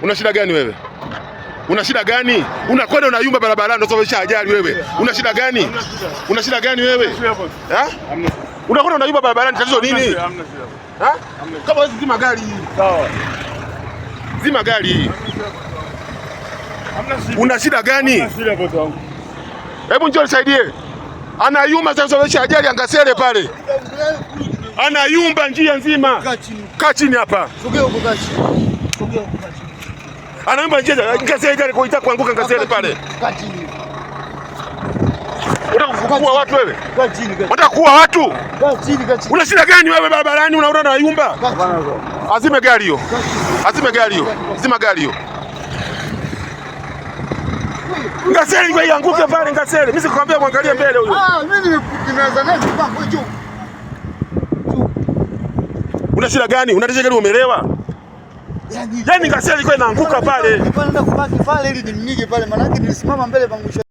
Una shida gani wewe? Una shida gani? Unakwenda unayumba barabarani ndio sababu ajali wewe. Una shida gani? Una shida gani wewe? Ha? Unakwenda unayumba barabarani tatizo nini? Ha? Kama wewe zima gari hii. Sawa. Zima gari hii. Una shida gani? Hebu njoo nisaidie. Anayumba sasa sababisha ajali angasele pale. Anayumba njia nzima. Kaa chini hapa. Sogea huko kaa chini. Sogea huko kaa chini anaimba njia Nkasele ile alikoita kuanguka Nkasele pale. Unataka kuua watu wewe? Unataka kuua watu? Una shida gani wewe barabarani unaona na yumba? Azime gari hiyo. Azime gari hiyo. Zima gari hiyo. Nkasele ile ianguke pale Nkasele. Mimi sikwambia muangalie mbele huyo. Ah, mimi nimekukinza naye kwa juu. Una shida gani? Unatisha gari umelewa? yani, yani gazeti ilikuwa inaanguka pale. Nilipanda kubaki pale ili nimnige pale, maana nilisimama mbele pangu